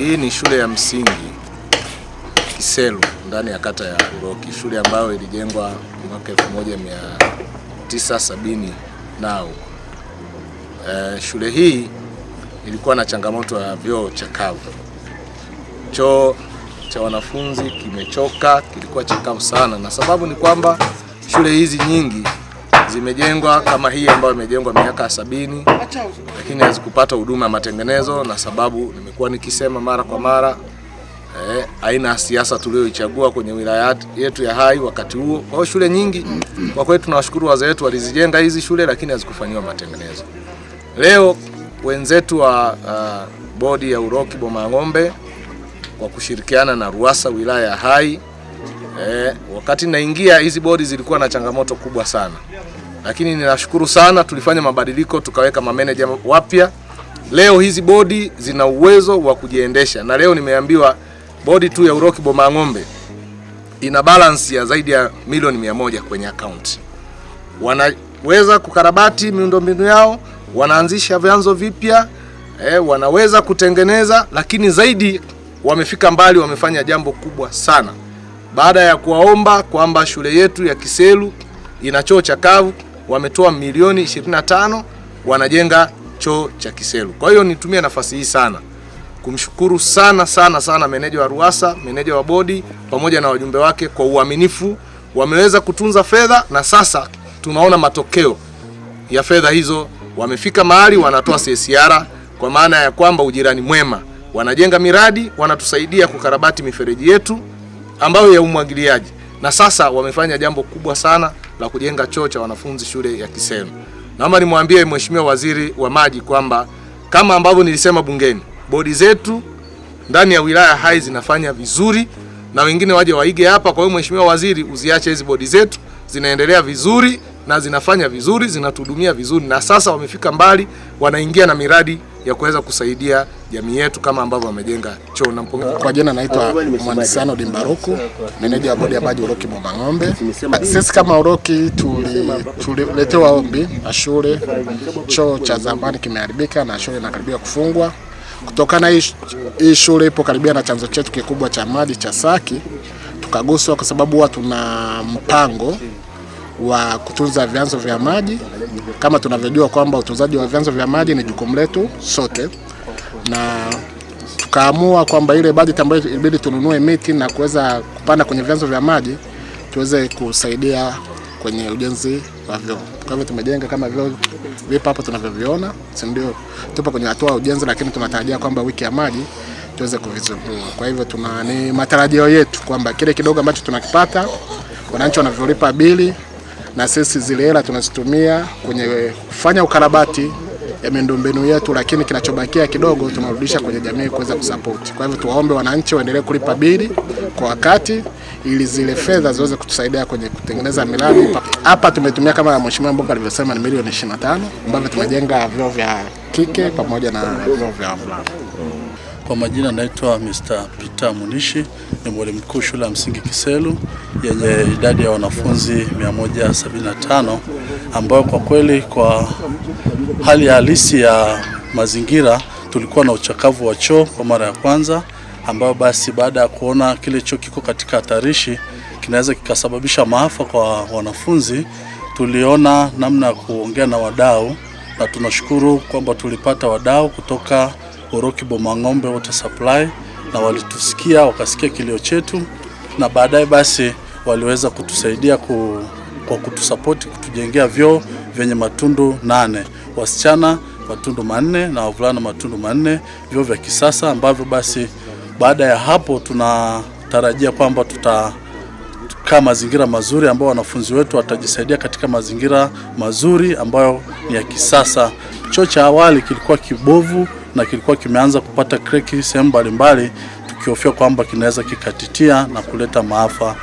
Hii ni shule ya msingi Kiselu ndani ya kata ya Uroki, shule ambayo ilijengwa mwaka 1970 nao. E, shule hii ilikuwa na changamoto ya vyoo chakavu. Choo cha wanafunzi kimechoka, kilikuwa chakavu sana, na sababu ni kwamba shule hizi nyingi zimejengwa kama hii ambayo imejengwa miaka sabini, lakini hazikupata huduma ya matengenezo, na sababu nimekuwa nikisema mara kwa mara eh, aina ya siasa tuliyoichagua kwenye wilaya yetu ya Hai wakati huo. Kwa hiyo shule nyingi kwa kweli tunawashukuru wazee wetu walizijenga hizi shule, lakini hazikufanyiwa matengenezo. Leo wenzetu wa uh, bodi ya Uroki Boma Ng'ombe kwa kushirikiana na RUWASA wilaya ya Hai eh, wakati naingia hizi bodi zilikuwa na changamoto kubwa sana. Mm. lakini ninashukuru sana, tulifanya mabadiliko tukaweka mameneja wapya. Leo hizi bodi zina uwezo wa kujiendesha, na leo nimeambiwa bodi tu ya Uroki Boma Ng'ombe ina balance ya zaidi ya milioni mia moja kwenye akaunti. Wanaweza kukarabati miundombinu yao, wanaanzisha vyanzo vipya eh, wanaweza kutengeneza, lakini zaidi wamefika mbali, wamefanya jambo kubwa sana baada ya kuwaomba kwamba shule yetu ya Kiselu ina choo cha kavu wametoa milioni 25 wanajenga choo cha Kiselu. Kwa hiyo nitumie nafasi hii sana kumshukuru sana sana sana meneja wa Ruwasa, meneja wa bodi pamoja na wajumbe wake kwa uaminifu, wameweza kutunza fedha na sasa tunaona matokeo ya fedha hizo. Wamefika mahali wanatoa CSR, kwa maana ya kwamba ujirani mwema, wanajenga miradi, wanatusaidia kukarabati mifereji yetu ambayo ya umwagiliaji na sasa wamefanya jambo kubwa sana la kujenga choo cha wanafunzi shule ya Kisenu. Naomba nimwambie Mheshimiwa Waziri wa Maji kwamba kama ambavyo nilisema bungeni, bodi zetu ndani ya wilaya hai zinafanya vizuri na wengine waje waige hapa. Kwa hiyo Mheshimiwa Waziri, uziache hizi bodi zetu zinaendelea vizuri na zinafanya vizuri, zinatuhudumia vizuri, na sasa wamefika mbali, wanaingia na miradi ya kuweza kusaidia jamii yetu kama ambavyo wamejenga choo. Nampongeza kwa jina, naitwa Mwanisano Dimbaruku, meneja wa bodi ya maji Uroki Bomang'ombe. Sisi kama Uroki tuliletewa tuli ombi na shule, choo cha zamani kimeharibika na shule inakaribia kufungwa kutokana hii shule ipo karibia na chanzo chetu kikubwa cha maji cha Saki, tukaguswa kwa sababu huwa tuna mpango wa kutunza vyanzo vya maji. Kama tunavyojua kwamba utunzaji wa vyanzo vya maji ni jukumu letu sote, na tukaamua kwamba ile bajeti ambayo ilibidi tununue miti na kuweza kupanda kwenye vyanzo vya maji tuweze kusaidia kwenye ujenzi wa vyoo. Kwa hivyo tumejenga kama vyoo vipo hapo tunavyoviona, si ndio? Tupo kwenye hatua ya ujenzi, lakini tunatarajia kwamba wiki ya maji tuweze kuvizindua. Kwa hivyo tuna ni matarajio yetu kwamba kile kidogo ambacho tunakipata wananchi wanavyolipa bili na sisi zile hela tunazitumia kwenye kufanya ukarabati ya miundombinu yetu, lakini kinachobakia kidogo tunarudisha kwenye jamii kuweza kusapoti. Kwa hivyo tuwaombe wananchi waendelee kulipa bili kwa wakati ili zile fedha ziweze kutusaidia kwenye kutengeneza miradi. Hapa tumetumia kama mheshimiwa Mboka alivyosema ni milioni 25 ambavyo tumejenga vyoo vya kike pamoja na vyoo vya wavulana. Kwa majina naitwa Mr. Peter Munishi, ni mwalimu mkuu shule ya msingi Kiselu yenye idadi ya wanafunzi 175 ambayo kwa kweli kwa hali ya halisi ya mazingira tulikuwa na uchakavu wa choo kwa mara ya kwanza, ambayo basi baada ya kuona kile choo kiko katika hatarishi kinaweza kikasababisha maafa kwa wanafunzi, tuliona namna ya kuongea na wadau na tunashukuru kwamba tulipata wadau kutoka Boma Ng'ombe Water Supply, na walitusikia wakasikia kilio chetu, na baadaye basi waliweza kutusaidia ku, kwa kutusapoti kutujengea vyoo vyenye matundu nane, wasichana matundu manne na wavulana matundu manne, vyoo vya kisasa ambavyo basi baada ya hapo tunatarajia kwamba tuta kama mazingira mazuri ambayo wanafunzi wetu watajisaidia katika mazingira mazuri ambayo ni ya kisasa. Choo cha awali kilikuwa kibovu na kilikuwa kimeanza kupata kreki sehemu mbalimbali, tukihofia kwamba kinaweza kikatitia na kuleta maafa